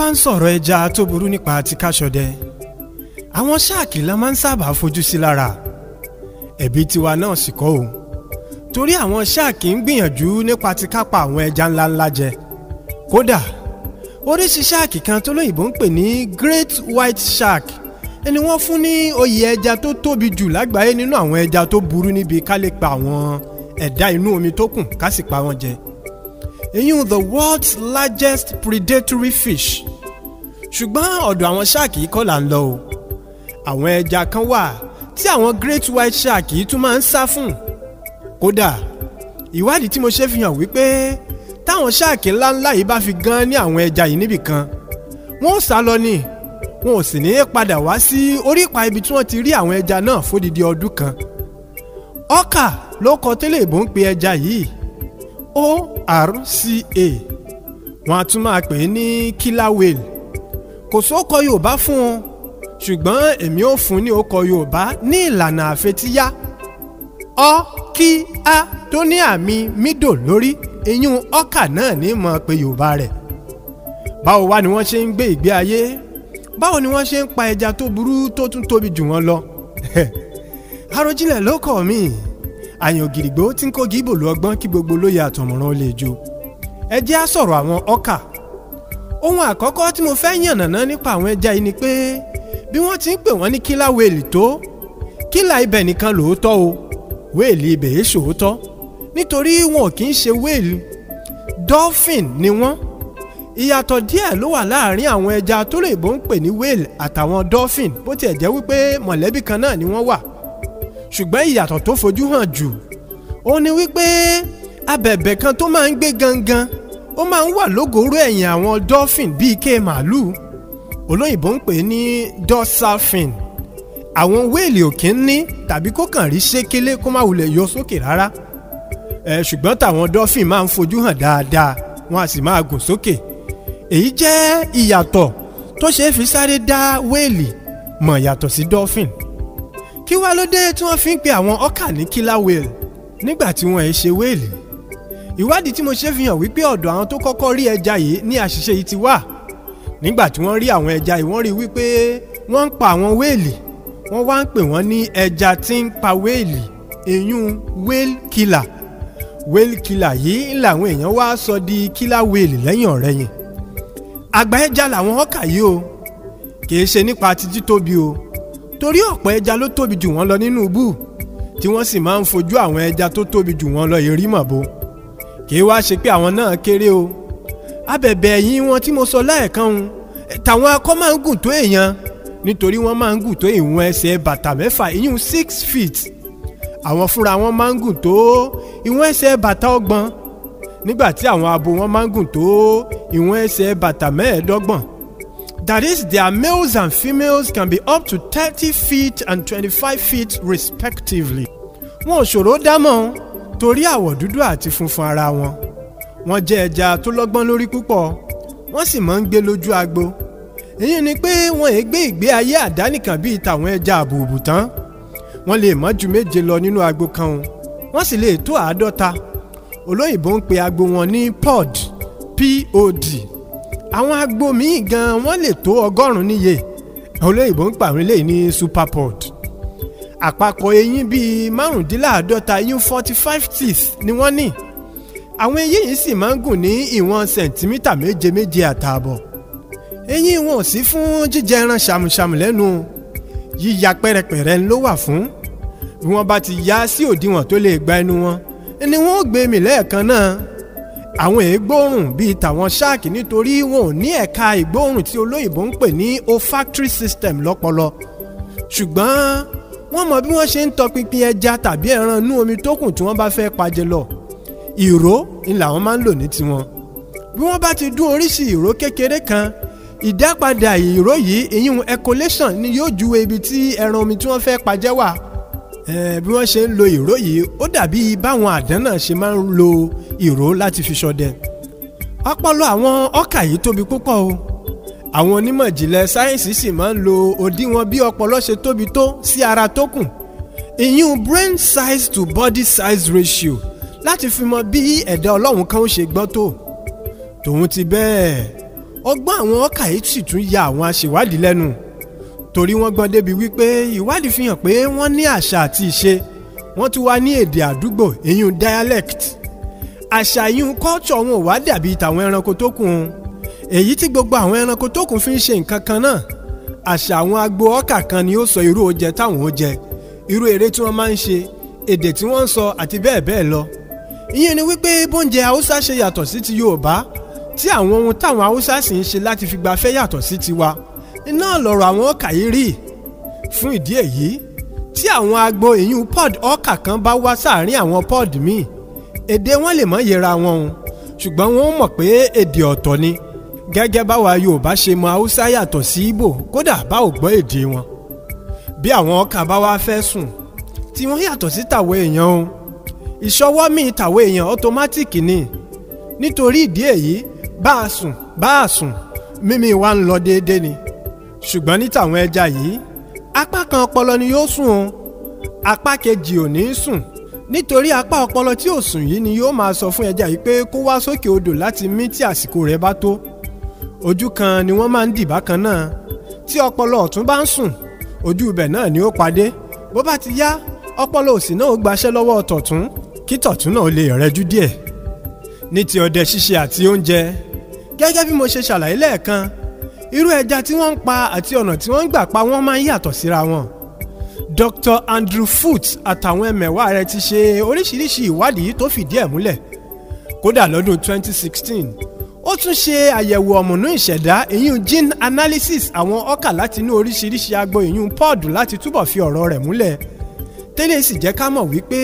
bá ń sọ̀rọ̀ ẹja tó burú nípa ti káṣọdẹ àwọn ṣáàkì la máa ń sábà fojú sí lára ẹ̀bi tiwa náà sì kọ́ o torí àwọn ṣáàkì ń gbìyànjú nípa ti kápá àwọn ẹja ńláńlá jẹ kódà oríṣi ṣáàkì kan tó lóyìnbó ń pè ní great white shark ni wọ́n fún ní oyè ẹja tó tóbi jù lágbàáyé nínú àwọn ẹja tó burú níbi ká lè pa àwọn ẹ̀dá inú omi tó kù ká sì pa wọ́n jẹ ìyún the world's largest predatory fish ṣùgbọ́n ọ̀dọ̀ àwọn ṣáàkì kọ́ là ń lọ o àwọn ẹja kan wà tí àwọn great white shark yìí tún máa ń sá fún kódà ìwádìí tí mo ṣe fi hàn wípé táwọn ṣáàkì ńláńlá yìí bá fi gan ní àwọn ẹja yìí níbì kan wọ́n sá lọ ni wọn ò sì ní padà wá sí orípa ibi tí wọ́n ti rí àwọn ẹja náà fódìdí ọdún kan ọkà ló kọ tẹ́lẹ̀ ìbò ń pe ẹja yìí orca wọn a tún máa pè é ní killer whale kò sóko yorùbá fún un ṣùgbọ́n èmi ò fún ní ọkọ yorùbá ọ kí a tó ní àmì mídò lórí eyín ọkà náà ní mọ̀ pé yorùbá ni wọ́n ṣe ń gbé ìgbé báwo ni wọ́n ṣe ń pa ẹja tó burú tó tún tóbi jù wọ́n lọ Àròjinlẹ̀ ló kọ́ mi àyàn ògìrìgbò tí ń kó gíbò lu ọgbọ́n kí gbogbo lóye àtọ̀mọ̀ràn lè jó ẹ á sọ̀rọ̀ àwọn ọkà ohun àkọ́kọ́ tí mo fẹ́ yànnàná nípa àwọn ẹja yìí ni pé bí wọ́n ti ń pè wọ́n ní kílà wéèlì tó kílà ibẹ̀ nìkan lòótọ́ o wéèlì ibẹ̀ èé ṣòótọ́ nítorí wọn kì í ṣe wéèlì dolphin ni wọ́n ìyàtọ̀ díẹ̀ ló wà láàrin àwọn ẹja tó lè bó ń pè ní whale àtàwọn dolphin bó tiẹ̀ jẹ́ wípé mọ̀lẹ́bí kan náà ni wọ́n wà ṣùgbọ́n ìyàtọ̀ tó fojú hàn jù ó ní wípé abẹ̀bẹ̀ kan tó máa ń gbé gangan ó máa ń wà lógòóró ẹ̀yìn àwọn dolphin bíi ike màálùú olóyìnbó ń pè ní dorsal fin àwọn whale ò kí ń ní tàbí kó kàn rí ṣékélé kó má wulẹ̀ yọ sókè rárá ẹ ṣùgbọ́n tàwọn dolphin máa ń fojú hàn dáadáa wọn a sì máa gùn sókè. So èyí jẹ́ ìyàtọ̀ tó ṣeé fi sáré dá wéèlì mọ̀ yàtọ̀ sí dolphin kí wá ló dé tí wọ́n fi ń pe àwọn ọkà ní killer whale nígbà tí wọ́n ẹ̀ ṣe wéèlì ìwádìí tí mo ṣe fi hàn wípé ọ̀dọ̀ àwọn tó kọ́kọ́ rí ẹja yìí ní àṣìṣe yìí ti wà nígbà tí wọ́n rí àwọn ẹja yìí wọ́n rí wípé wọ́n ń pa àwọn wéèlì wọ́n wá ń pè wọ́n ní ẹja tí ń pa wéèlì èyún whale killer whale killer yìí làwọn èèyàn wá sọ di killer whale lẹ́yìn ọ̀rẹ́yìn àgbà ẹja làwọn ọkà yìí o kìí ṣe nípa ti títóbi o torí ọ̀pọ̀ ẹja ló tóbi jù wọ́n lọ nínú ibú tí wọ́n sì máa ń fojú àwọn ẹja tó tóbi jù wọ́n lọ èrí mọ̀bo kìí wá ṣe pé àwọn náà kéré o abẹ̀bẹ̀ ẹ̀yìn wọn tí mo sọ lẹ́ẹ̀kan un tàwọn akọ máa ń gùn tó èèyàn nítorí wọ́n máa ń gùn tó ìwọ̀n ẹsẹ̀ bàtà mẹ́fà ìyún six feet àwọn fúnra wọn máa ń gùn tó ìwọ̀n ẹsẹ̀ bàtà ọgbọ̀n nígbà tí àwọn abo wọn máa ń gùn tó ìwọ̀n ẹsẹ̀ bàtà mẹ́ẹ̀ẹ́dọ́gbọ̀n. That is, their males and females can be up to thirty feet and twenty-five feet respectively. Wọn ò ṣòro dámọ̀ torí àwọ̀ dúdú àti funfun ara wọn. Wọ́n jẹ́ ẹja tó lọ́gbọ́n lórí púpọ̀. Wọ́n sì máa ń gbé lójú agbo. Èyí ni pé wọ́n èé gbé ìgbé ayé àdánìkan bíi tàwọn ẹja àbùbù tán. Wọ́n lè mọ́ ju méje lọ nínú agbo kan Wọ́n sì lè tó àádọ́ta olóyìnbó ń pe agbo wọn ní pod pod àwọn agbo míì gan wọ́n lè tó ọgọ́rùn-ún níye olóyìnbó ń pa àwọn eléyìí ní superpod àpapọ̀ eyín bíi márùndínláàádọ́ta eyín forty five teeth ni wọ́n ní àwọn eyín yìí sì máa ń gùn ní ìwọ̀n sẹ̀ǹtímítà méje méje àtààbọ̀ eyín wọn ò sí fún jíjẹ ẹran ṣàmùṣàmù lẹ́nu yíya pẹ́rẹpẹ̀rẹ ló wà fún bí wọ́n bá ti yá sí òdiwọ̀n tó lè gba ẹnu wọn ni wọ́n gbé mì lẹ́ẹ̀kan náà àwọn èégbóòrùn bíi tàwọn ṣáàkì nítorí wọn ò ní ẹ̀ka ìgbóòrùn tí olóyìnbó ń pè ní olfactory system lọ́pọlọ ṣùgbọ́n wọ́n mọ bí wọ́n ṣe ń tọpinpin ẹja tàbí ẹran inú omi tó kù tí wọ́n bá fẹ́ pajẹ lọ ìró ni làwọn máa ń lò ní tiwọn bí wọ́n bá ti dún oríṣi ìró kékeré kan ìdápadà ìró yìí ìyún echolation ni yóò juwe ibi tí ẹran omi tí wọ́n fẹ́ pajẹ wà bí wọ́n ṣe ń lo ìró yìí ó dàbí báwọn àdán náà ṣe máa ń lo ìró láti fi ṣọdẹ ọpọlọ àwọn ọkà yìí tóbi púpọ̀ o àwọn onímọ̀ ìjìnlẹ̀ sáyẹ́ǹsì sì máa ń lo òdiwọ̀n bí ọpọlọ ṣe tóbi tó sí ara tó kù ìyún brain size to body size ratio láti fi mọ bí ẹ̀dá ọlọ́run kan ó ṣe gbọ́n tó tòun ti bẹ́ẹ̀ ọgbọ́n àwọn ọkà yìí sì tún ya àwọn aṣèwádìí lẹ́nu torí wọ́n gbọ́n débi wípé ìwádìí fi hàn pé wọ́n ní àṣà àti ìṣe wọ́n tún wá ní èdè àdúgbò ìyún dialect àṣà ìyún culture wọn ò wá dàbí tàwọn ẹranko tó kù un èyí tí gbogbo àwọn ẹranko tó kù fi ń ṣe nǹkan kan náà àṣà àwọn agbo ọkà kan ni ó sọ irú oúnjẹ táwọn ó jẹ irú eré tí wọ́n máa ń ṣe èdè tí wọ́n ń sọ àti bẹ́ẹ̀ bẹ́ẹ̀ lọ ìyẹn ni wípé bóúnjẹ haúsá ṣe yàtọ̀ sí ti yorùbá tí àwọn ohun táwọn haúsá sì ń ṣe láti fi gbafẹ́ yàtọ̀ sí tiwa iná lọ̀rọ̀ àwọn kàyérí fún ìdí èyí tí àwọn agbo ìyún pod ọkà kan bá wá sáàárín àwọn pod míì èdè wọn lè mọ yẹra wọn o ṣùgbọ́n wọ́n mọ̀ pé èdè ọ̀tọ̀ ni gẹ́gẹ́ báwa Yorùbá ṣe mọ Haúsá yàtọ̀ sí Ìgbò kódà bá ò gbọ́ èdè wọn bí àwọn ọkà bá wá fẹ́ sùn tí wọ́n yàtọ̀ sí tàwọn èèyàn o ìṣọwọ́ míì tàwọn èèyàn ọtọmátìkì ni nítorí ìdí èyí bá a sùn bá a sùn mímí wa ń lọ déédéé ni ṣùgbọ́n ní tàwọn ẹja yìí apá kan ọpọlọ ni yóò sùn o apá kejì ò ní sùn nítorí apá ọpọlọ tí ò sùn yìí ni yóò máa sọ fún ẹja yìí pé kó wá sókè odò láti mí tí àsìkò rẹ̀ bá tó ojú kan ni wọ́n máa ń dì bákan náà tí ọpọlọ ọ̀tún bá ń sùn ojú ibẹ̀ náà ni ó padé bó bá ti yá ọpọlọ òsì náà ó gbaṣẹ́ lọ́wọ́ tọ̀tún kí tọ̀tún náà lè rẹjú díẹ̀ ní ti ọdẹ ṣíṣe àti oúnjẹ gẹ́gẹ́ bí mo ṣe ṣàlàyé lẹ́ẹ̀kan irú ẹja tí wọ́n ń pa àti ọ̀nà tí wọ́n ń gbà pa wọ́n máa ń yàtọ̀ síra wọn. Dr. Andrew Foote àtàwọn ẹmẹ̀wá rẹ̀ ti ṣe oríṣiríṣi ìwádìí tó fìdí ẹ̀ múlẹ̀ kódà lọ́dún 2016 ó tún ṣe àyẹ̀wò ọ̀mùnú ìṣẹ̀dá ìyún gene analysis àwọn ọkà láti inú oríṣiríṣi agbo ìyún pọ́ọ̀dù láti túbọ̀ fi ọ̀rọ̀ rẹ̀ múlẹ̀ tẹ́lẹ̀ sì jẹ́ ká mọ̀ wípé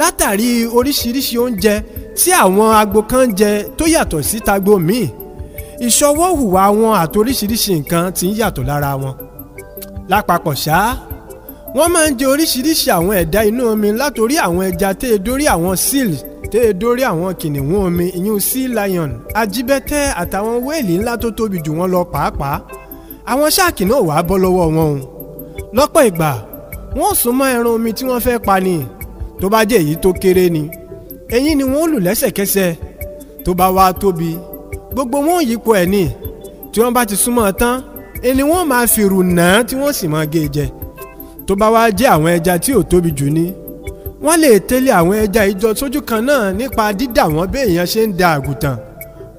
látàrí oríṣiríṣi oúnjẹ tí àwọn agbo kan jẹ tó yàtọ̀ sí tagbo míì ìṣọwọ́ hùwà wọn àtoríṣiríṣi nǹkan tí ń yàtọ̀ lára wọn lápapọ̀ ṣá wọ́n máa ń jẹ oríṣiríṣi àwọn ẹ̀dá inú omi látòrí àwọn ẹja tẹ́ ẹ dórí àwọn seal tẹ́ ẹ dórí àwọn kìnìún omi ìyún sea lion ajibẹ́tẹ́ àtàwọn wéèlì ńlá tó tóbi jù wọ́n lọ pàápàá àwọn ṣáàkì náà wàá bọ́ lọ́wọ́ wọn o lọ́pọ̀ ìgbà wọ́n sún mọ́ ẹran omi tí wọ́n fẹ́ pa ni tó bá jẹ́ èyí tó kéré ni eyín ni wọ́n lù lẹ́sẹ̀kẹsẹ̀ tó bá wá tóbi gbogbo wọn yípo ẹ̀ ni tí wọ́n bá ti súnmọ́ tán ẹni wọ́n máa fìrù náà tí wọ́n sì máa gé e jẹ tó bá wáá jẹ́ àwọn ẹja tí ò tóbi jù ni wọ́n lè tẹ́lẹ̀ àwọn ẹja ìjọ sójú kan náà nípa dídà wọ́n bí èèyàn ṣe ń da àgùntàn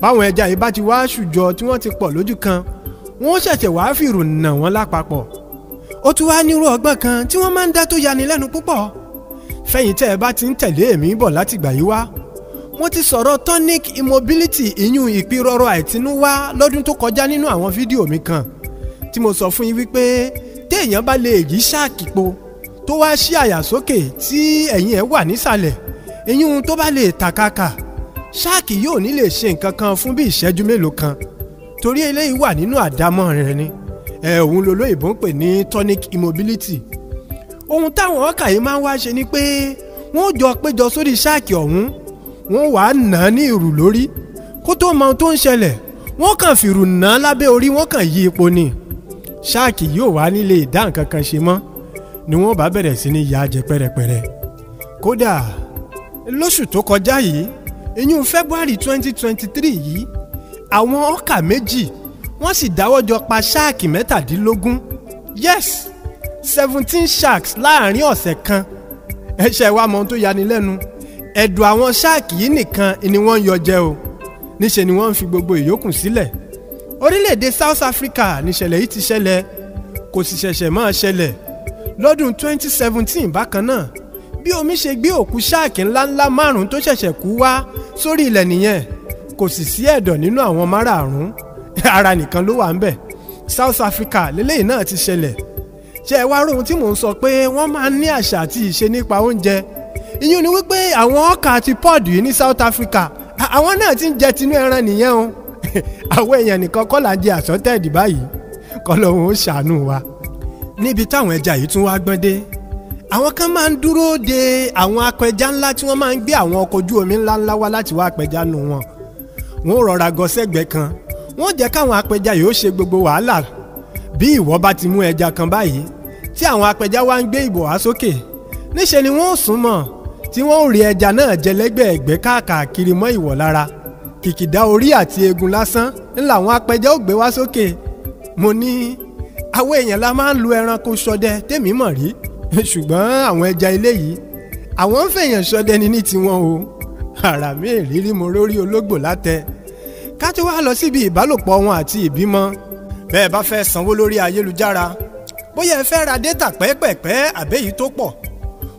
báwọn ẹja yìí bá ti wá ṣùjọ tí wọ́n ti pọ̀ lójú kan wọ́n ṣẹ̀ṣẹ̀ wáá fìrù nà wọ́n lápapọ̀ ó tún wá nírú ọgbọ́n kan tí wọ́n máa ń dá tó yani lẹ́nu púpọ̀ fẹ̀yìntẹ́ ẹ bá ti ń tẹ̀lé èmi bọ̀ látìgbà yìí wá mo ti sọ̀rọ̀ tonic immobility ìyún ìpirọ̀rọ̀ àìtinúwá lọ́dún tó kọjá nínú àwọn fídíò mi kan tí mo sọ fún yín wípé téèyàn bá lè yí ṣáàkì po tó wá ṣí àyà sókè tí ẹ̀yìn ẹ̀ wà nísàlẹ̀ ìyún tó bá lè tàkàkà ṣáàkì yóò ní lè ṣe nǹkan kan fún bí ìṣẹ́jú mélòó kan torí eléyìí wà nínú àdámọ́ rẹ̀ ni ẹ̀ òun lolóyìnbó ń pè ní tonic immobility ohun táwọn ọkà yìí máa ń wá ṣe ni pé wọ́n jọ péjọ sórí ṣáàkì ọ̀hún wọ́n wàá nà á ní ìrù lórí kó tó mọ ohun tó ń ṣẹlẹ̀ wọ́n kàn fìrù nà á lábẹ́ orí wọ́n kàn yí epo ni ṣáàkì yóò wá nílé ìdá nǹkan kan ṣe mọ́ ni wọ́n bá bẹ̀rẹ̀ sí ní ya jẹ pẹ́rẹpẹ̀rẹ kódà lóṣù tó kọjá yìí ìyún February twenty twenty three yìí àwọn ọkà méjì wọ́n sì dáwọ́ pa ṣáàkì mẹ́tàdínlógún yes seventeen sharks láàrin ọ̀sẹ̀ kan ẹ ṣe wá mọ ohun tó yani lẹ́nu ẹ̀dùn àwọn sáàkì yìí nìkan ni wọ́n ń yọ jẹ o níṣẹ́ ni wọ́n fi gbogbo ìyókù sílẹ̀ orílẹ̀-èdè South Africa níṣẹ̀lẹ̀ yìí ti ṣẹlẹ̀ kò sì ṣẹ̀ṣẹ̀ máa ṣẹlẹ̀ lọ́dún 2017 bákan náà bí omi ṣe gbé òkú sáàkì ńláńlá márùn-ún tó ṣẹ̀ṣẹ̀ kú wá sórí ilẹ̀ nìyẹn kò sì sí ẹ̀dọ̀ nínú àwọn márààrún ara nìkan ló wà ń bẹ̀ South Africa lélẹ́yìí náà ti ṣẹlẹ̀ ṣe é wá róhun tí mò ń sọ pé wọ́n máa ń ní àṣà àti ìṣe nípa oúnjẹ ìyún ni wípé àwọn ọkà àti pọ́ọ̀dù yìí ní South Africa àwọn náà ti ń jẹ tinú ẹran nìyẹn o àwọn èèyàn nìkan kọ́ là ń jẹ àsọtẹ́ẹ̀dì báyìí kọ́ lóun ó ṣàánú wa. níbi táwọn ẹja yìí tún wá gbọ́n dé àwọn kan máa ń dúró de àwọn apẹja ńlá tí wọ́n máa ń gbé àwọn ọkọ̀ ojú omi ńláńlá wá láti wá apẹja nù wọn wọn rọra gọ sẹ́gbẹ̀ẹ́ kan wọ́n jẹ́ káwọn apẹja yìí ó ṣe gbogbo wàhálà bí ìwọ bá ti mú ẹja kan báyìí tí àwọn apẹja wá ń gbé ìbò wá sókè níṣe ni wọ́n ó sún tí wọ́n ò rí ẹja náà jẹ lẹ́gbẹ̀ẹ́gbẹ́ káàkiri mọ́ ìwọ̀ lára kìkìdá orí àti eegun lásán ńlá àwọn apẹja ò gbé wá sókè mo ní àwọn èèyàn la máa ń lu ẹranko ṣọdẹ tèmi mọ̀ rí ṣùgbọ́n àwọn ẹja ilé yìí àwọn ń fẹ̀yàn ṣọdẹ ni ní tiwọn o àrà mi ìrírí mo rórí ológbò látẹ ká tó wá lọ síbi ìbálòpọ̀ wọn àti ìbímọ bẹ́ẹ̀ bá fẹ́ sanwó lórí ayélujára bóyá ẹ fẹ́ ra dátà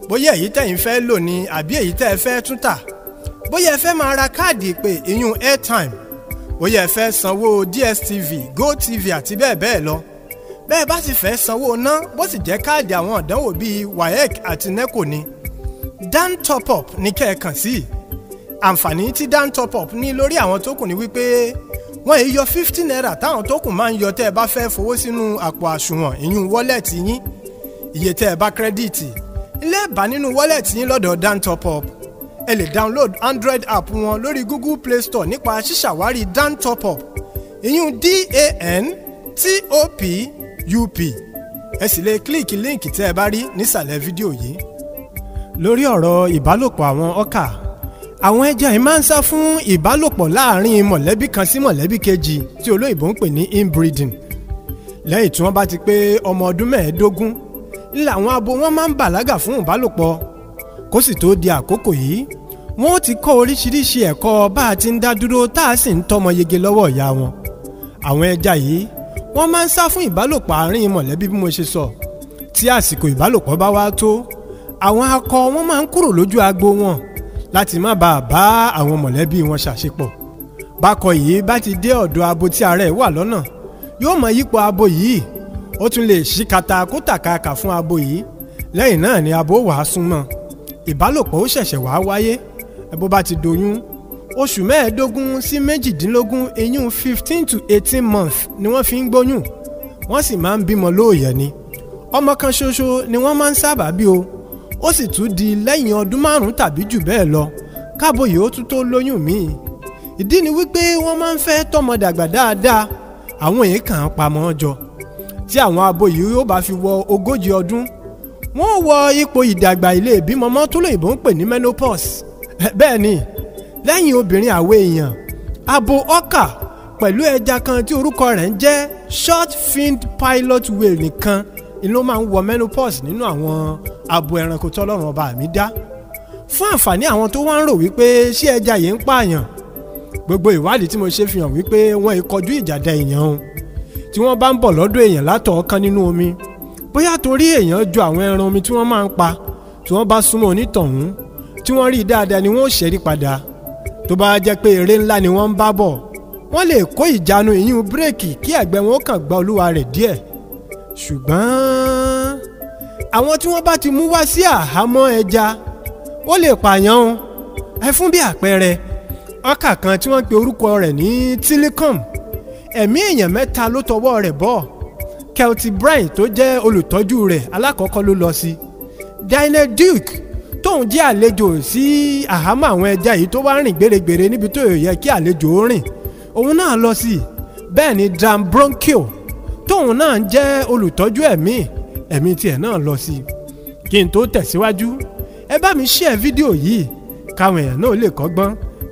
bóyá èyí tẹ̀yin fẹ́ lò ní àbí èyí tẹ́ ẹ fẹ́ tún tà bóyá ẹ fẹ́ máa ra káàdì ìpè ìyún airtime bóyá ẹ fẹ́ sanwó DSTV GoTV àti bẹ́ẹ̀ bẹ́ẹ̀ lọ bẹ́ẹ̀ bá sì fẹ́ sanwó ná bó sì jẹ́ káàdì àwọn ìdánwò bíi WAEC àti NECO ni dan top up ní kẹ́ẹ̀kan sí i àǹfààní tí dan top up ní lórí àwọn tó kù ni wípé wọ́n yìí yọ fifty naira táwọn tó kù máa ń yọ tẹ́ ẹ bá fẹ́ fowó sínú àpò àsùnwọ̀n ìyún wọ́lẹ̀tì yín iye tẹ́ ẹ bá kírẹ́díìtì ilé ẹ̀bà nínú wọ́lẹ̀tì yín lọ́dọ̀ dantopop ẹ lè download android app wọn lórí google play store nípa ṣíṣàwárí dantopop ìyún d-a-n-t-o-p-u-p ẹ sì lè kílíìkì líǹkì tẹ́ ẹ bá rí nísàlẹ̀ fídíò yìí. lórí ọ̀rọ̀ ìbálòpọ̀ àwọn ọ́kà àwọn ẹja yìí máa ń sá fún ìbálòpọ̀ láàárín mọ̀lẹ́bí kan sí mọ̀lẹ́bí kejì tí olóyìnbó ń pè ní inbreeding lẹ́yìn tí wọ́n bá ti pé ọmọ ọdún mẹ́ẹ̀ẹ́dógún làwọn abo wọn máa ń bàlágà fún ìbálòpọ̀ kó sì tó di àkókò yìí wọn ó ti kọ́ oríṣiríṣi ẹ̀kọ́ bá a ti ń dá dúró tá a sì ń tọ́mọ yege lọ́wọ́ ìyá wọn àwọn ẹja yìí wọ́n máa ń sá fún ìbálòpọ̀ àárín mọ̀lẹ́bí bí mo ṣe sọ tí àsìkò ìbálòpọ̀ bá wá tó àwọn akọ wọn máa ń kúrò lójú agbo wọn láti má bàa bá àwọn mọ̀lẹ́bí wọn ṣàṣepọ̀ bákọ yìí bá ti dé ọ̀dọ̀ abo tí ara ẹ̀ wà lọ́nà yóò mọ yípo abo yìí ó tún lè ṣí kata kó tàkàkà fún abo yìí lẹ́yìn náà ni abo wàá súnmọ́ ìbálòpọ̀ ó ṣẹ̀ṣẹ̀ wàá wáyé bó bá ti doyún oṣù mẹ́ẹ̀ẹ́dógún sí méjìdínlógún eyín fifteen to eighteen months ni wọ́n fi ń gbóyún wọ́n sì máa ń bímọ lóòyẹ̀ ni ọmọ kan ṣoṣo ni wọ́n máa ń sábà bí o ó sì tún di lẹ́yìn ọdún márùn-ún tàbí jù bẹ́ẹ̀ lọ káàbòyè ó tún tó lóyún míì ìdí ni wípé wọ́n máa ń fẹ́ tọ́mọ dàgbà dáadáa àwọn èèkàn pamọ́ jọ tí àwọn abo yìí yóò bá fi wọ ogójì ọdún wọ́n wọ ipò ìdàgbà ilé ìbímọ mọ́ tó lóyìnbó ń pè ní menopause bẹ́ẹ̀ ni lẹ́yìn obìnrin àwọ èèyàn abo ọkà pẹ̀lú ẹja kan tí orúkọ rẹ̀ ń jẹ́ short finned pilot whale nìkan ni ló máa ń wọ menopause nínú àwọn abo ẹranko tọ́lọ́run ọba mi dá fún àǹfààní àwọn tó wá ń rò wípé ṣé ẹja yìí ń pààyàn gbogbo ìwádìí tí mo ṣe fi hàn wípé wọn ì kọjú ìjà da èèyàn o tí wọ́n bá ń bọ̀ lọ́dọ̀ èèyàn látọ̀ kan nínú omi bóyá torí èèyàn ju àwọn ẹran omi tí wọ́n máa ń pa tí wọ́n bá súnmọ́ onítọ̀hún tí wọ́n rí i dáadáa ni wọ́n ò ṣẹ́rí padà tó bá jẹ́ pé eré ńlá ni wọ́n ń bá bọ̀ wọ́n lè kó ìjánu ìyún bírèkì kí ẹ̀gbẹ́ wọn ó kàn gba olúwa rẹ̀ díẹ̀ ṣùgbọ́n àwọn tí wọ́n bá ti mú wá sí àhámọ́ ẹja ó lè pààyàn ẹ fún bí àpẹẹrẹ ọkà kan tí wọ́n pe orúkọ rẹ̀ ní tílíkọ̀mù ẹ̀mí èèyàn mẹ́ta ló tọwọ́ rẹ̀ bọ̀ Kelty Brine tó jẹ́ olùtọ́jú rẹ̀ alákọ̀ọ́kọ́ ló lọ sí Daniel Duke tóun jẹ́ àlejò sí àhámọ́ àwọn ẹja yìí tó wá rìn gbèrègbèrè níbi tó yẹ kí àlejò ó rìn òun náà lọ sí bẹ́ẹ̀ ni Dan Bronchio tóun náà jẹ́ olùtọ́jú ẹ̀mí ẹ̀mí tiẹ̀ náà lọ sí kí n tó tẹ̀síwájú ẹ bá mi share fídíò yìí káwọn èèyàn náà lè kọ́gbọ́n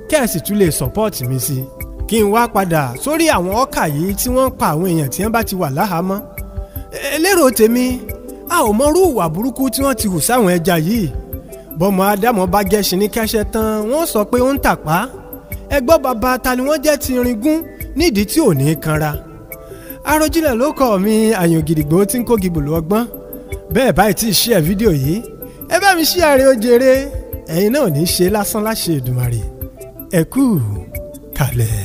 kẹ́ ẹ̀ sì tún lè support mi sí i kí n wá padà sórí àwọn ọkà yìí tí wọ́n ń pa àwọn èèyàn tí wọ́n bá ti wà láhàámọ́ elérò tèmi a ò mọrú ìwà burúkú tí wọ́n ti hù sáwọn ẹja yìí bọ́mọ adámọ̀ bá gẹṣin ní kẹsẹ tán wọ́n sọ pé ó ń tàpá ẹgbọ́n bàbá ta ni wọ́n jẹ́ ti ringún nídìí tí ò ní kanra Àròjinlẹ̀ ló kọ́ mi àyàn gidigbo tí ń kó gibùlù ọgbọ́n bẹ́ẹ̀ báyìí tí ì ṣí ẹ̀ fídíò yìí ẹ bá mi ṣí ààrẹ ojèrè ẹ̀yin náà ní í ṣe lásán láṣẹ Èdùmàrè ẹ kalẹ̀.